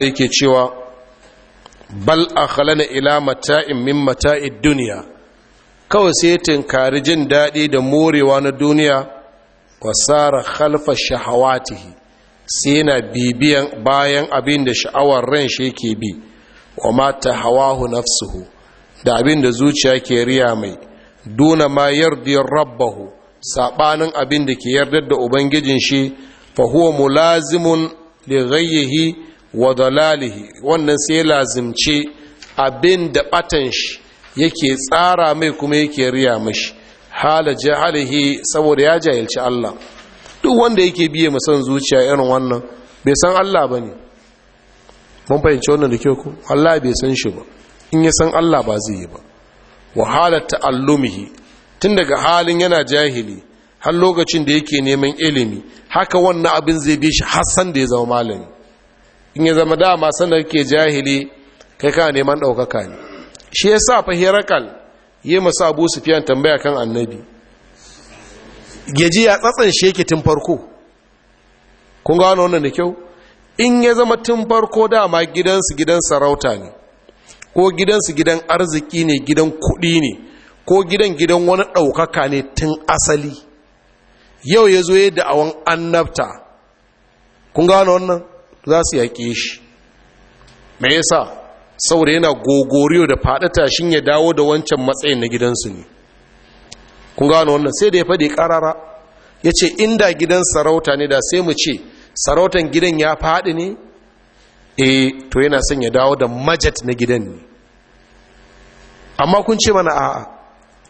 yake cewa bal khalana ila mata'in min mata'id duniya, kawai sai tinkari jin daɗi da morewa na duniya wa wasara khalfa shahawatihi sai yana bibiyan bayan abin da sha'awar ran shi yake bi wa mata hawahu nafsuhu da abin da zuciya ke riya mai duna ma yardi rabbahu saɓanin abin da ke yardar da ubangijin shi fa huwa mulazimun li ghayyihi wa dalalihi wannan sai lazimce abin da batan shi yake tsara mai kuma yake riya mashi hala jahalihi saboda ya jahilci Allah duk wanda yake biye musan zuciya irin wannan bai san Allah bane mun fahimci wannan da kyau Allah bai san shi ba in ya san Allah ba zai yi ba wa hala ta'allumihi tun daga halin yana jahili har lokacin da yake neman ilimi haka wannan abin zai bi shi hassan da ya zama malami in ya zama dama sanar ke jahili kai ka neman ɗaukaka ne shi ya sa fahirakal yi masu abu fiye tambaya kan annabi gaji ya tsatsan sheke tun farko kun gano wannan da kyau in ya zama tun farko dama gidansu gidan sarauta ne ko gidansu gidan arziki ne gidan kuɗi ne ko gidan gidan wani ɗaukaka ne tun asali yau ya zo ya da'awan annabta kun gano wannan za su yaƙe shi me yasa saboda yana gogoriyo da faɗata tashin ya dawo da wancan matsayin na gidansu ne kun gano wannan sai da ya faɗi ƙarara ya ce inda gidan sarauta ne da sai mu ce sarautan gidan ya faɗi ne e to yana son ya dawo da majat na gidan ne amma kun ce mana a'a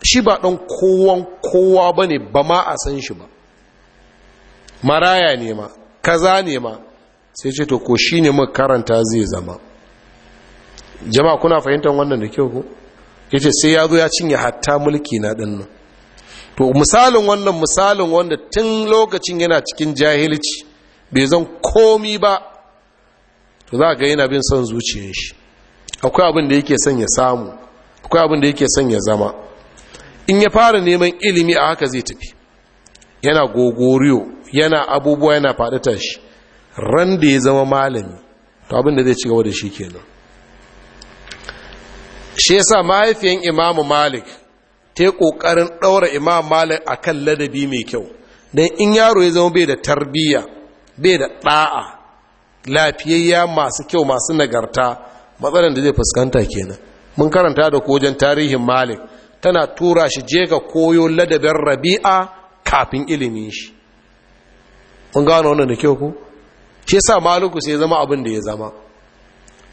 shi ba ɗan kowan kowa ba ne ba ma a san shi ba maraya ne ma kaza ne ma sai ce to ko shi ne makaranta karanta zai zama jama kuna fahimtar wannan da kyau ku ya ce sai ya zo ya cinye hatta mulki na ɗin to misalin wannan misalin wanda tun lokacin yana cikin jahilci bai zan komi ba to za ga yana bin son zuciyar shi akwai abin da yake son ya samu akwai abin da yake son ya zama in ya fara neman ilimi a haka zai tafi yana gogoriyo yana abubuwa yana faɗi shi. ran da ya zama malami to abin zai ci gaba da shi kenan shi yasa mahaifiyan imamu malik ta yi ƙoƙarin ɗaura imam malik akan ladabi mai kyau don in yaro ya zama bai da tarbiyya bai da ɗa'a lafiyayya masu kyau masu nagarta matsalar da zai fuskanta kenan mun karanta da kojan tarihin malik tana tura shi je ga koyo ladabin rabi'a kafin ilimin shi mun gano wannan da kyau ku shi sa maluku sai zama abin da ya zama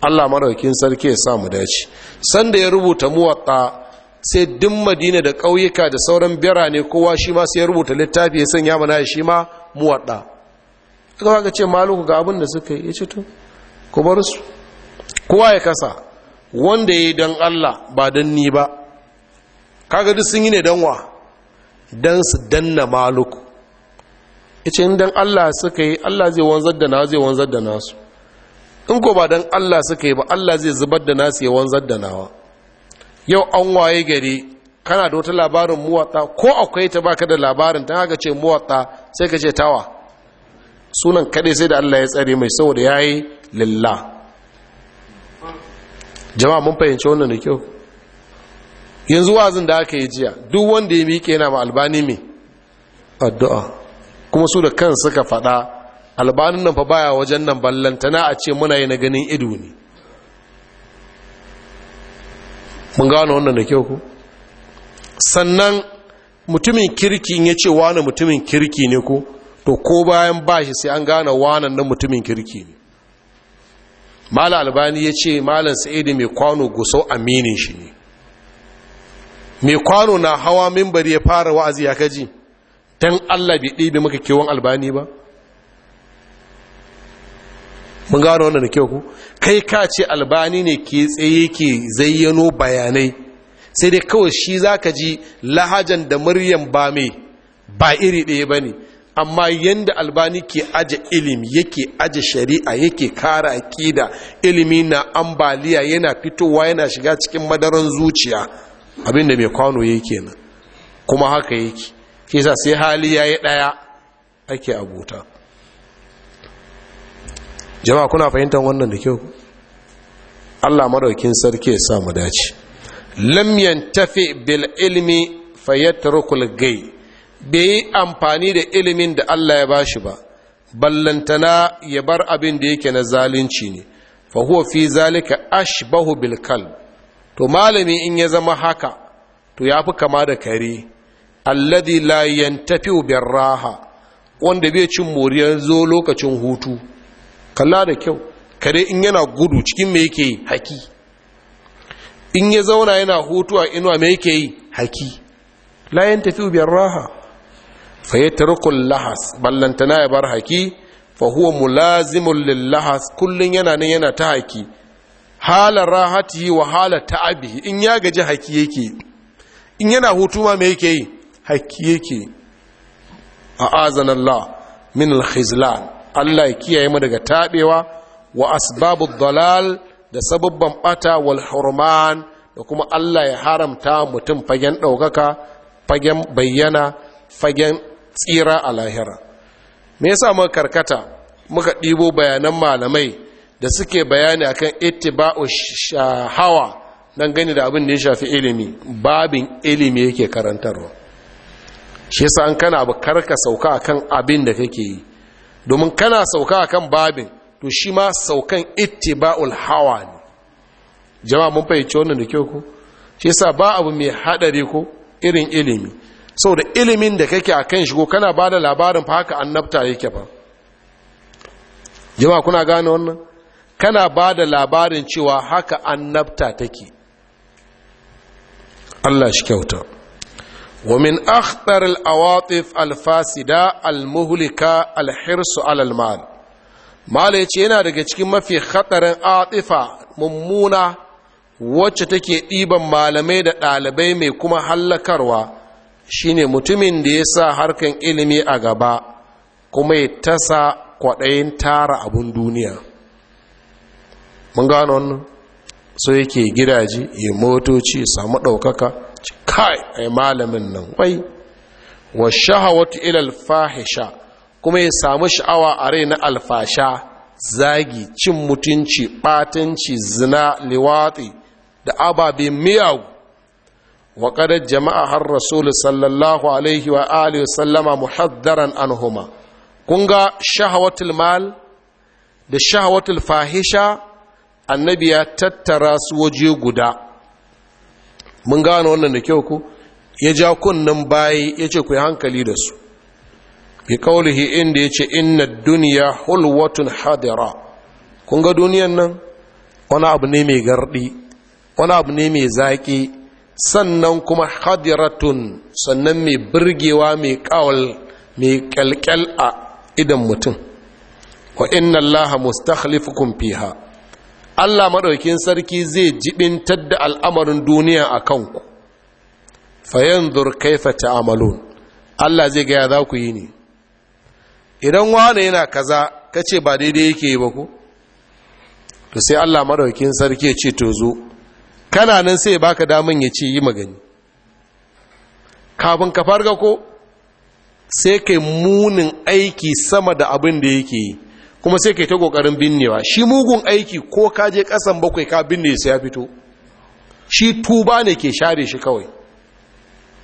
allah maraukin sarki ya samu dace sanda ya rubuta muwatta sai duk madina da ƙauyuka da sauran birane kowa shi ma sai ya rubuta littafi ya sanya mana shi ma muwatta aka ga ce maluku ga abin da suka yi ya ce to ku bar su kowa ya kasa wanda ya yi don allah ba don ni ba kaga duk sun yi ne don wa don su danna maluku yace in Allah suka yi Allah zai wanzar da na zai wanzar da nasu in ko ba don Allah suka yi ba Allah zai zubar da nasu ya wanzar da nawa yau an waye gari kana da wata labarin muwatsa ko akwai ta baka da labarin ta haka ce muwatsa sai ka ce tawa sunan kaɗai sai da Allah ya tsare mai saboda yayi lillah jama'a mun fahimci wannan da kyau yanzu wazin da aka yi jiya duk wanda ya miƙe yana ma albani mai addu'a kuma su da kan suka faɗa albanin nan fa baya wajen nan ballantana a ce muna yi na ganin ido ne mun gano wannan da kyau ku sannan mutumin kirki ya ce wani mutumin kirki ne ko to ko bayan bashi sai an gane wanan nan mutumin kirki ne mala albani ya ce malan sa'idi mai kwano gusau aminin shi ne mai kwano na hawa mimbari ya fara wa'azi ya kaji dan Allah bai ɗebe maka kewan albani ba mun gano wannan da kyau ku kai ka ce albani ne ke tsaye ke zayyano bayanai sai dai kawai shi za ka ji lahajan da muryan ba mai ba iri ɗaya ba ne amma yadda albani ke aje ilimi yake aje shari'a yake kara da ilimi na ambaliya yana fitowa yana shiga cikin madaran zuciya abinda mai kwano yake nan kuma haka yake Kisa sai hali ya yi ɗaya ake abota jama'a kuna fahimtar wannan da kyau allah maraukin sarki ya samu dace Lamyan tafi bil ilmi fayatrukul gai bai yi amfani da ilimin da Allah ya bashi ba ballantana ya bar abin da yake na zalunci ne fahuwa fi zalika ashbahu bil kal to malami in ya zama haka to ya fi kama da kare alladhi la yantafi'u raha wanda bai cin moriyar zo lokacin hutu kalla da kyau kare in yana gudu cikin me yake haki in ya zauna yana hutu a inuwa me yake haki la yantafi'u birraha fa yatruku lahas ballantana ya bar haki fa huwa mulazimun lil lahas kullun yana nan yana ta haki halar rahatihi wa halar ta'abihi in ya gaji haki yake in yana hutu ma me yake yi haƙƙi yake a Allah min alkhizlan Allah ya kiyaye mu daga taɓewa wa asbabu dalal da sababban bata wal hurman da kuma Allah ya haramta mutum fagen ɗaukaka fagen bayyana fagen tsira a lahira me yasa muka karkata muka ɗibo bayanan malamai da suke bayani akan ittiba'u shahawa dan gani da abin da ya shafi ilimi babin ilimi yake karantarwa shi yasa an kana abu karka sauka akan abin da kake yi domin kana sauka akan babin to shi ma saukan ittiba'ul hawa ne jama'a mun fahimci wannan da kyau ko shi yasa ba abu mai hadari ko irin ilimi saboda ilimin da kake akan shi ko kana bada labarin fa haka annabta yake ba. jama'a kuna gane wannan kana bada labarin cewa haka annabta take Allah shi kyauta ومن أخطر الأواطف الفاسدة المهلكة الحرص على المال mala ya ce yana daga cikin mafi khatarin atifa mummuna wacce take ɗiban malamai da ɗalibai mai kuma hallakarwa shine mutumin da ya sa harkar ilimi a gaba kuma ya tasa kwaɗayin tara abun duniya mun gano wannan so yake gidaje ya motoci samu ɗaukaka kai ai malamin nan wai wa shahawatu ila fahisha kuma ya samu sha'awa a rai na alfasha zagi cin mutunci batanci zina liwati da ababe miyau. wa kada jama'a har rasul sallallahu alaihi wa alihi sallama muhaddaran anhuma kun ga shahawatul mal da shahawatul fahisha annabi ya tattara su waje guda mun gano wannan da kyau ku ya ja kunnan bayi ya ce ku yi hankali da su bi kaulihi inda ya ce inna duniya hulwatun hadira kun ga duniyan nan wani abu ne mai gardi wani abu ne mai zaƙi sannan kuma hadiratun sannan mai birgewa mai kawal mai kyalkyal a idan mutum wa inna allaha mustakhlifukum fiha Allah maɗaukin sarki zai jibintar da al'amarin duniya a kanku fayan kaifa ta'amalun Allah zai gaya za ku yi ne idan wane yana kaza kace ba daidai yake yi ba ku to sai Allah maɗaukin sarki ya ce to zo kana nan sai baka daman ya ce yi magani kafin ka farga ko sai kai munin aiki sama da abin da yake yi kuma sai ka yi ta kokarin binnewa shi mugun aiki ko ka je kasan bakwai ka binne sai ya fito shi tuba ne ke share shi kawai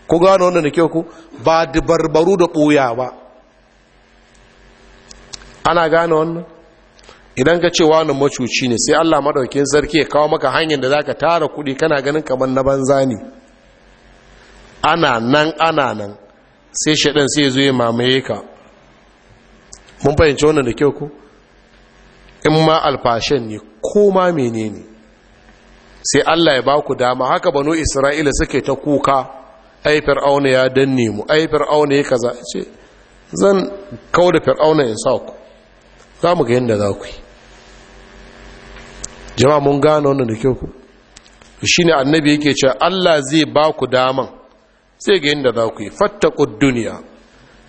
ku gano wannan da kyau ku ba da barbaru da ɓoya ba ana gane wannan idan ka ce wani macuci ne sai allah maɗaukin sarki ya kawo maka hanyar da za ka tara kuɗi kana ganin kamar na banza ne ana nan ana nan sai shaɗan sai zo mamaye ka mun fahimci wannan da kyau ku in ma alfashen ne ko ma menene sai Allah ya ba ku dama haka banu Isra'ila suke ta kuka ai fir'auna ya danne mu ai fir'auna ya kaza ce zan kawo da fir'auna in sa ku za mu ga yadda za ku yi jama'a mun gane wannan da kyau ku shine annabi yake cewa Allah zai ba ku daman sai ga yadda za ku yi fattaqud duniya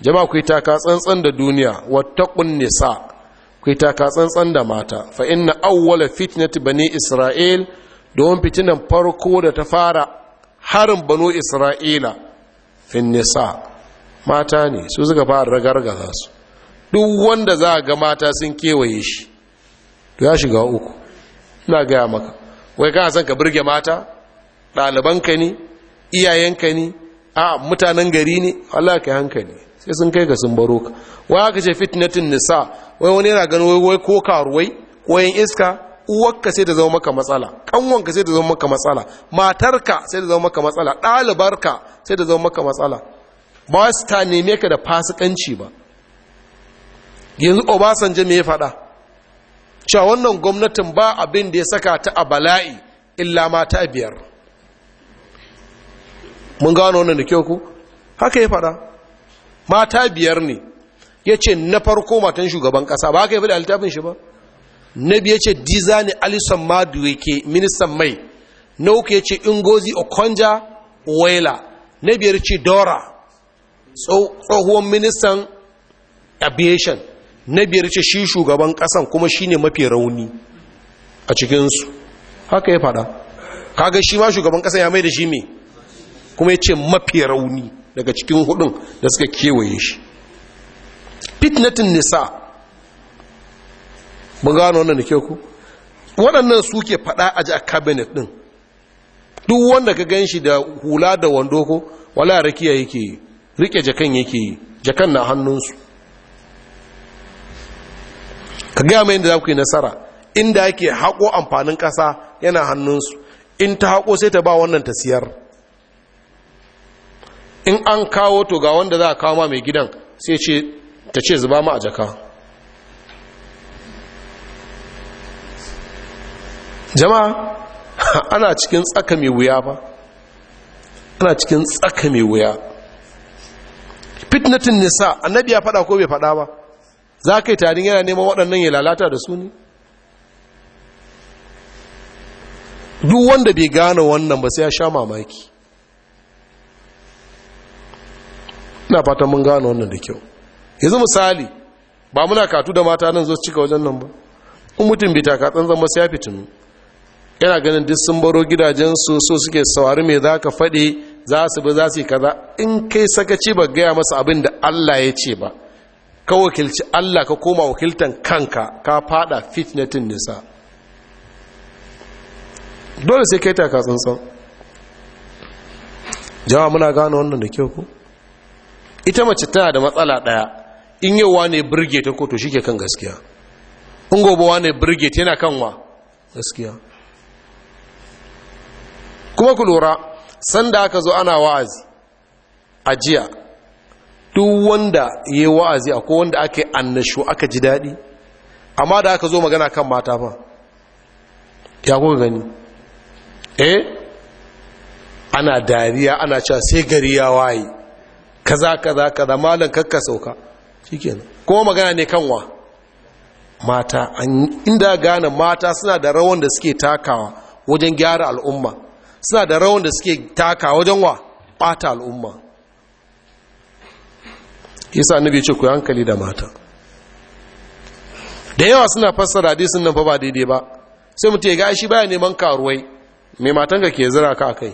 jama'a ku yi taka tsantsan da duniya wattaqun nisa ku taka tsantsan da mata fa inna awwala fitnati bani isra'il don fitinan farko da ta fara harin banu isra'ila fin nisa mata ne su suka fara ragargaza su duk wanda za ga mata sun kewaye shi ya shiga uku ina gaya maka wai kana son ka burge mata ɗalibanka ne iyayenka ne a mutanen gari ne Allah ka hankali sai sun kai ga sun baro ka wai aka ce fitnatin nisa wai wani yana ganin wai ko karuwai ko yin iska uwarka sai da zama maka matsala kanwanka sai da zama maka matsala matarka sai da zama maka matsala ɗalibarka sai da zama maka matsala ba su ta neme ka da fasikanci ba yanzu obasanjo me ya faɗa cewa wannan gwamnatin ba abin da ya saka ta a bala'i illa mata biyar mun gano wannan da kyau ku haka ya faɗa mata biyar ne ya ce na farko matan shugaban ƙasa ba haka ya fi da littafin shi ba na biya ce dizani alison ke ministan mai na uku ya ce ingozi okonja waila na biyar ce dora tsohuwan ministan aviation na biyar ce shi shugaban kasan kuma shi ne mafi rauni a cikinsu haka ya fada kaga shi ma shugaban kasan ya mai da shi mai kuma ya ce mafi rauni daga cikin hudun da suka kewaye shi fitnatin nisa mun gano wannan da ke ku waɗannan suke faɗa a ji a cabinet ɗin duk wanda ka gan shi da hula da wando ko wala rakiya yake yi rike jakan yake yi jakan na hannunsu ka gaya mai inda za ku yi nasara inda yake haƙo amfanin ƙasa yana hannunsu in ta haƙo sai ta ba wannan ta siyar in an kawo to ga wanda za a kawo ma mai gidan sai ce ta ce zuba ma a jaka jama'a ana cikin tsaka mai wuya ba ana cikin tsaka mai wuya fitnatin nisa annabi ya fada ko bai fada ba za ka yi tarin yana neman waɗannan ya lalata da su ne duk wanda bai gane wannan ba sai ya sha mamaki na fatan mun gane wannan da kyau yanzu misali ba muna katu da mata nan zo cika wajen nan ba in mutum bai taka tsantsan masu sai ya fitinu yana ganin duk sun baro gidajen su so suke saurari mai za ka faɗi za su bi za su yi kaza in kai sakaci ba gaya masa abin da allah ya ce ba ka wakilci allah ka koma wakiltan kanka ka fada fitnatin nisa dole sai kai taka tsantsan jawa muna gano wannan da kyau ku ita mace tana da matsala ɗaya in ya wane birge ta koto shi shi kan gaskiya in gobe wane birge ta yana kanwa gaskiya kuma ku lura sanda aka zo ana wa'azi a jiya duk wanda ya yi wa'azi akwai wanda aka yi annashu aka ji daɗi amma da aka zo magana kan mata fa ya kuka gani eh ana dariya ana cewa sai gari ya waye kaza kaza kaza malam kakka sauka shikenan kuma magana ne kanwa mata inda gane mata suna da rawan da suke takawa wajen gyara al'umma suna da rawan da suke takawa wajen wa bata al'umma isa annabi ce ku hankali da mata da yawa suna fassara hadisin nan fa ba daidai ba sai mutum ya ga shi baya neman karuwai mai matanka ke zira ka kai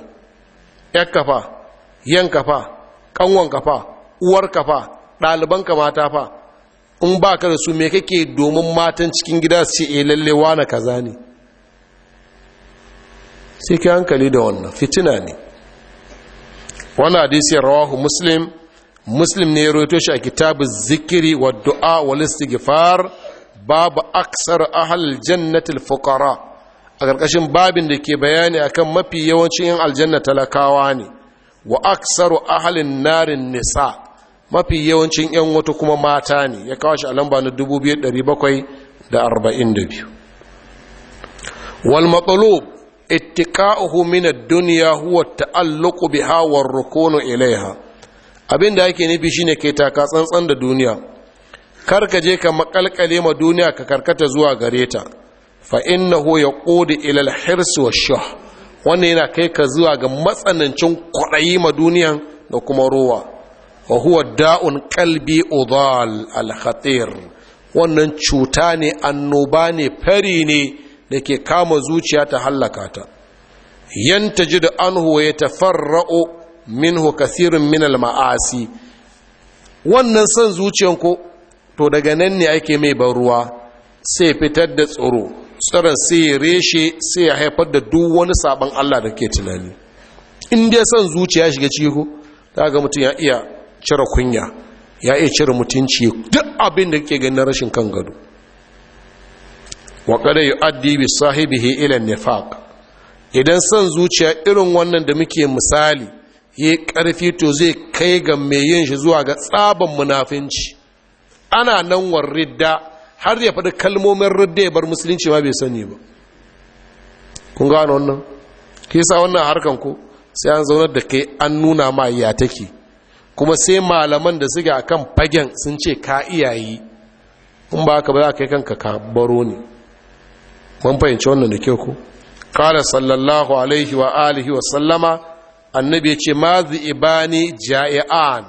yak kafa yan kafa kanwan kafa uwar kafa Ɗaliban ɗalibanka mata fa in ba ka da su me kake domin matan cikin gida su ce e lalle wane kaza ne sai ka hankali da wannan fitina ne wani hadisi rawahu muslim muslim ne ya roto shi a kitabu zikiri wa du'a wa babu aksar ahal jannatil fukara a ƙarƙashin babin da ke bayani akan mafi yawancin yin aljanna talakawa ne wa aksaru ahalin narin nisa mafi yawancin 'yan wata kuma mata ne ya kawo shi a lamba na 2742 wal matsalub itika'uhu min duniya dunya huwa ta'alluqu biha war rukunu ilaiha abinda yake nufi shine kai taka tsantsan da duniya kar ka je ka makalkale ma duniya ka karkata zuwa gare ta fa innahu yaqudu ila al-hirs wash-shah wannan yana kai ka zuwa ga matsanancin kwaɗayi ma duniyan da kuma ruwa وهو huwa da'un kalbi الخطير wannan cuta ne annoba ne fari ne da ke kama zuciya ta hallaka ta ji da anhu ya min minhu kasirin min alma'asi. wannan son zuciyan ko to daga nan ne ake mai ban ruwa sai fitar da tsoro tsaron sai ya reshe sai ya haifar da duk wani sabon Allah da ke tunani in dai son zuciya shiga ciki ko ta ga mutum ya iya cire kunya ya iya cire mutunci duk abin da ke ganin rashin kan gado waƙada yi addibi bi sahibihi ilan nifaq idan son zuciya irin wannan da muke misali ya ƙarfi to zai kai ga mai yin shi zuwa ga tsaban munafinci ana nan war ridda har ya faɗi kalmomin ridda ya bar musulunci ma bai sani ba kun gano wannan sa wannan harkan ko sai an zaunar da kai an nuna ma ya take kuma sai malaman da suke akan fagen sun ce ka iyayi in ba ka ba za ka yi kanka ka baro ne mun fahimci wannan da kyau ko qala sallallahu alaihi wa alihi wa sallama annabi ya ce ma ibani ja'ian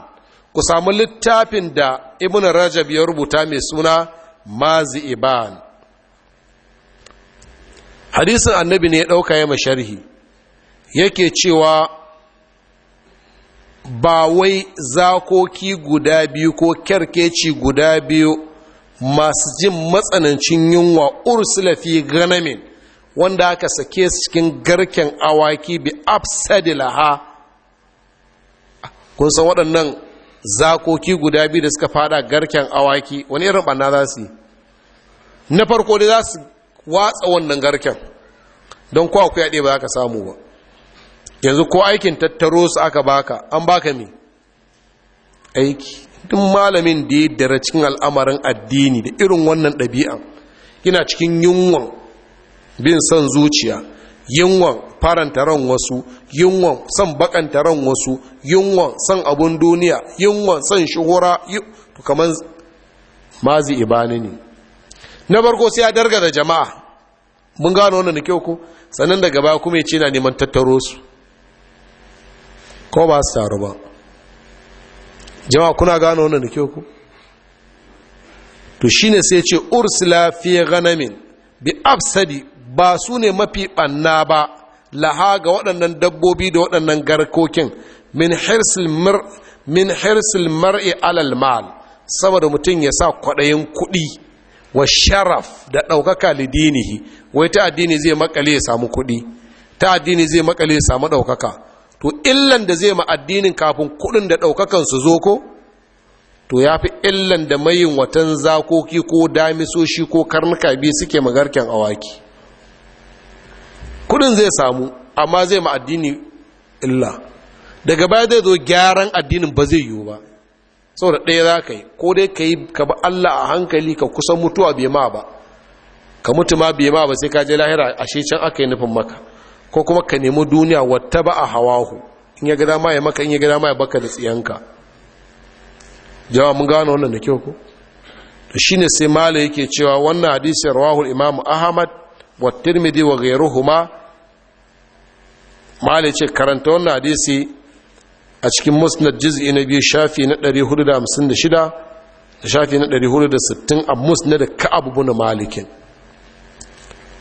ku samu littafin da ibn rajab ya rubuta mai suna mazi iban hadisin annabi ne ya ɗauka ya masharhi yake cewa ba wai zakoki guda biyu ko kyarkeci guda biyu masu jin matsanancin yunwa ursula fi ganamin wanda aka sake su cikin garken awaki bi absadilaha kun san waɗannan zakoki guda biyu da suka fada garken awaki wani irin ɓanna za su yi na farko dai za su watsa wannan garken don kwa ku yaɗe ba za ka samu ba yanzu ko aikin tattaro su aka baka an baka mai aiki duk malamin da ya dara cikin al'amarin addini da irin wannan ɗabi'an yana cikin yunwan bin son zuciya yunwan faranta ran wasu yunwan son bakanta ran wasu yunwan son abun duniya yunwan son shuhura to kamar mazi ibani ne na farko sai ya darga da jama'a mun gano wannan da kyau ko sannan daga baya kuma ya ce na neman tattaro su ko ba su taru ba jama'a kuna gano wannan da ku to shine sai ce ursula fi ganamin bi ab'sadi ba su ne mafi banna ba laha ga waɗannan dabbobi da waɗannan garkokin min hirsil mar min hirsil mar'i alal mal saboda mutum ya sa kwaɗayin kuɗi wa sharaf da ɗaukaka lidinihi wai ta addini zai makale ya samu kuɗi ta addini zai makale ya samu ɗaukaka to illan da zai ma addinin kafin kuɗin da ɗaukakan su zo ko to ya fi illan da mayin watan zakoki ko damisoshi ko karnuka biyu suke magarken awaki kuɗin zai samu amma zai ma addini illa daga baya zai zo gyaran addinin ba zai yiwu ba Sau da ɗaya za ka yi ko dai ka yi ka ba Allah a hankali ka kusan mutuwa bai ma ba ka mutu ma bai ma ba sai ka je lahira ashe can aka yi nufin maka ko kuma ka nemi duniya wata ba a hawahu in ya gada ma ya maka in ya gada ma ya baka da tsiyanka jawa mun gano wannan da kyau ko to shine sai mala yake cewa wannan hadisiyar rawahul imam ahmad wa tirmidhi wa ghayruhuma mala ce karanta wannan hadisi a cikin musnad juz'i na biyu shafi na 456 da shafi na 460 a musnad ka ibn malikin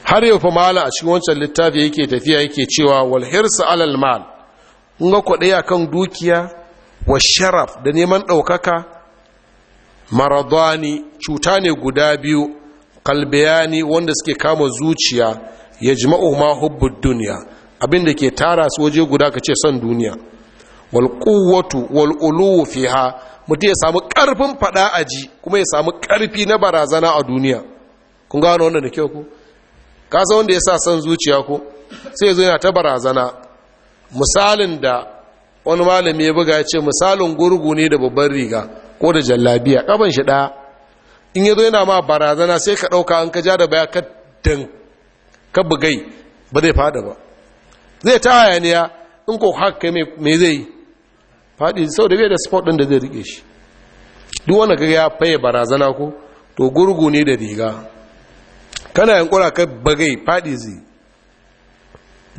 har yau fa mala a cikin wancan littafi yake tafiya yake cewa wal hirsu alal mal in ga akan dukiya wa sharaf da neman ɗaukaka maradani cuta ne guda biyu kalbiyani wanda suke kama zuciya ya jima'u ma hubbu duniya da ke tara su waje guda ka ce son duniya wal quwwatu wal uluwu fiha mutum ya samu karfin fada aji kuma ya samu karfi na barazana a duniya kun gano wannan da kyau ku ka san wanda ya sa son zuciya ko sai zo yana ta barazana misalin da wani malami ya buga ya ce misalin gurgu ne da babban riga ko da jallabiya kaban shi ɗaya in ya zo yana ma barazana sai ka ɗauka an ka ja da baya ka dan ka bugai ba zai fada ba zai ta hayaniya in ko haka mai zai yi faɗi sau da bai da sport ɗin da zai rike shi duk wanda kaga ya faye barazana ko to gurgu ne da riga kana yankura ka bagai faɗi zai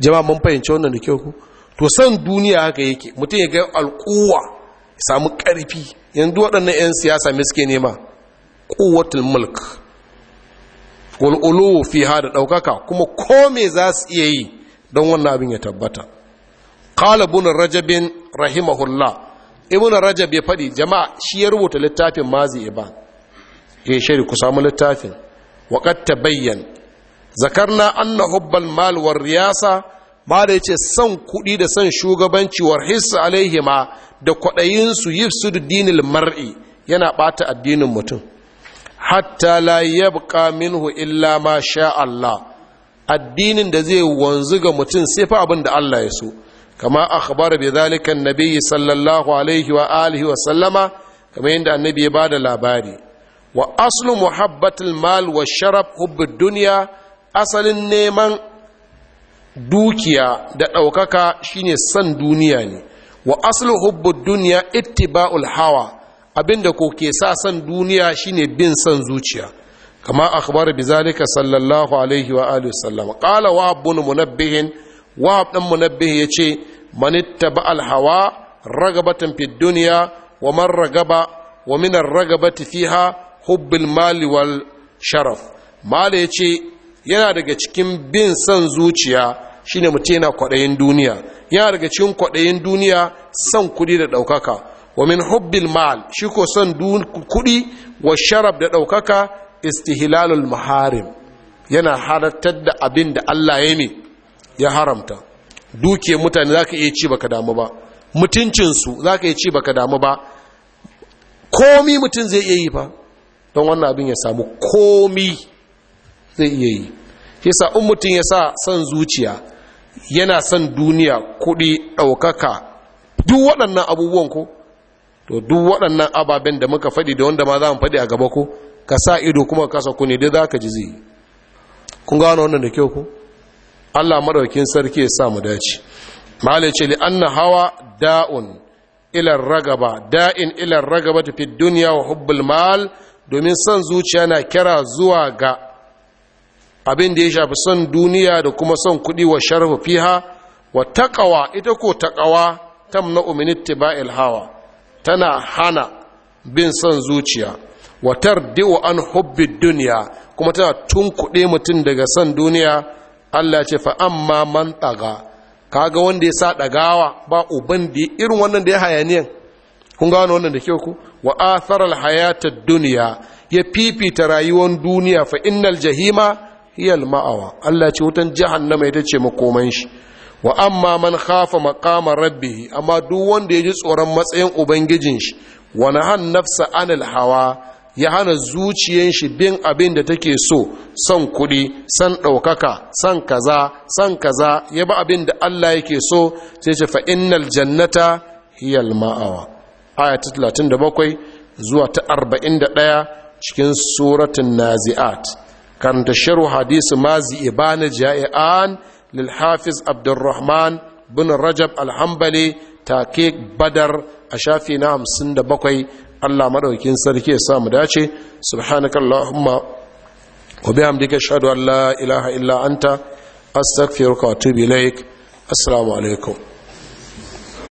jama'a mun fahimci wannan da kyau to san duniya haka yake mutum ya ga alƙuwa ya samu karfi yanzu waɗannan 'yan siyasa mai suke nema ƙuwatul mulk wal'ulu fi ha da ɗaukaka kuma ko me za su iya yi don wannan abin ya tabbata qala rajabin rahimahullah ibn rajab ya faɗi jama'a shi ya rubuta littafin mazi iban ya eh, shari ku samu littafin waƙad ta bayyan zakarna anna hubbal mal riyasa ma da yace son kuɗi da son shugabanci war hissa alaihima da kwaɗayin su yifsudu dinil mar'i yana ɓata addinin mutum hatta la yabqa minhu illa ma sha Allah addinin da zai wanzu ga mutum sai fa abin da Allah ya so kama akhbara bi zalika annabi sallallahu alaihi wa alihi wa sallama kamar yadda annabi ya bada labari wa aslu muhabbatul mal wa sharaf hubbud duniya asalin neman dukiya da ɗaukaka shine san duniya ne wa aslu hubbud duniya ittiba'ul hawa abinda ko ke sa san duniya shine bin san zuciya kama akhbar bizalika sallallahu alaihi wa alihi wasallam qala wa abun munabbihin wa abdan munabbihi yace man ittaba'al hawa ragabatan fid dunya wa man ragaba wa min ar-ragabati fiha hubbil mali sharaf mala ya ce yana daga cikin bin son zuciya shine mutum yana kwaɗayin duniya yana daga cikin kwaɗayin duniya son kuɗi da ɗaukaka wa min hubbil mal shi ko son kuɗi wa sharaf da ɗaukaka istihlalul maharim yana harattar da abin da Allah ya ya haramta duke mutane zaka iya ci baka damu ba mutuncinsu zaka iya ci baka damu ba komi mutum zai iya yi ba? don wannan abin ya samu komi zai iya yi yasa in mutum ya sa son zuciya yana son duniya kuɗi ɗaukaka duk waɗannan abubuwan ko to duk waɗannan ababen da muka faɗi da wanda ma za mu faɗi a gaba ko ka sa ido kuma ka sa ne dai za ka ji zai kun gano wannan da kyau ko? allah maɗaukin sarki ya sa mu dace malai ce li'anna hawa da'un ilar ragaba da'in ilar ragaba tafi duniya wa hubbul mal domin son zuciya na kira zuwa ga abin da ya shafi son duniya da kuma son kuɗi wa sharhu fiha wa taqawa ita ko taqawa tamna'u min ittiba'il hawa tana hana bin son zuciya wa tardi'u an hubbid dunya kuma tana tun tunkuɗe mutum daga son duniya Allah ce fa amma man taga kaga wanda ya sa ɗagawa ba uban da irin wannan da ya hayaniyan kun gano wannan da kyau ku wa athara duniya dunya ya fifita rayuwar duniya fa innal jahima hiya ma'awa Allah ce wutan jahannama ita ce makoman shi wa amma man khafa maqama rabbih amma duk wanda ya ji tsoron matsayin ubangijin shi wa nahan nafsa anil hawa ya hana zuciyen shi bin abin da take so son kuɗi san ɗaukaka san kaza san kaza ya ba abin da Allah yake so sai ce fa innal jannata hiyal ma'awa aya ta 37 zuwa ta 41 cikin suratun nazi'at kan sharu hadisu mazi ibana ja'i'an lil hafiz abdurrahman bin rajab alhambali take badar a shafi na 57 allah maɗaukin sarki ya samu dace subhanakallahumma wa bihamdika ashhadu an la ilaha illa anta astaghfiruka wa atubu ilaik assalamu alaikum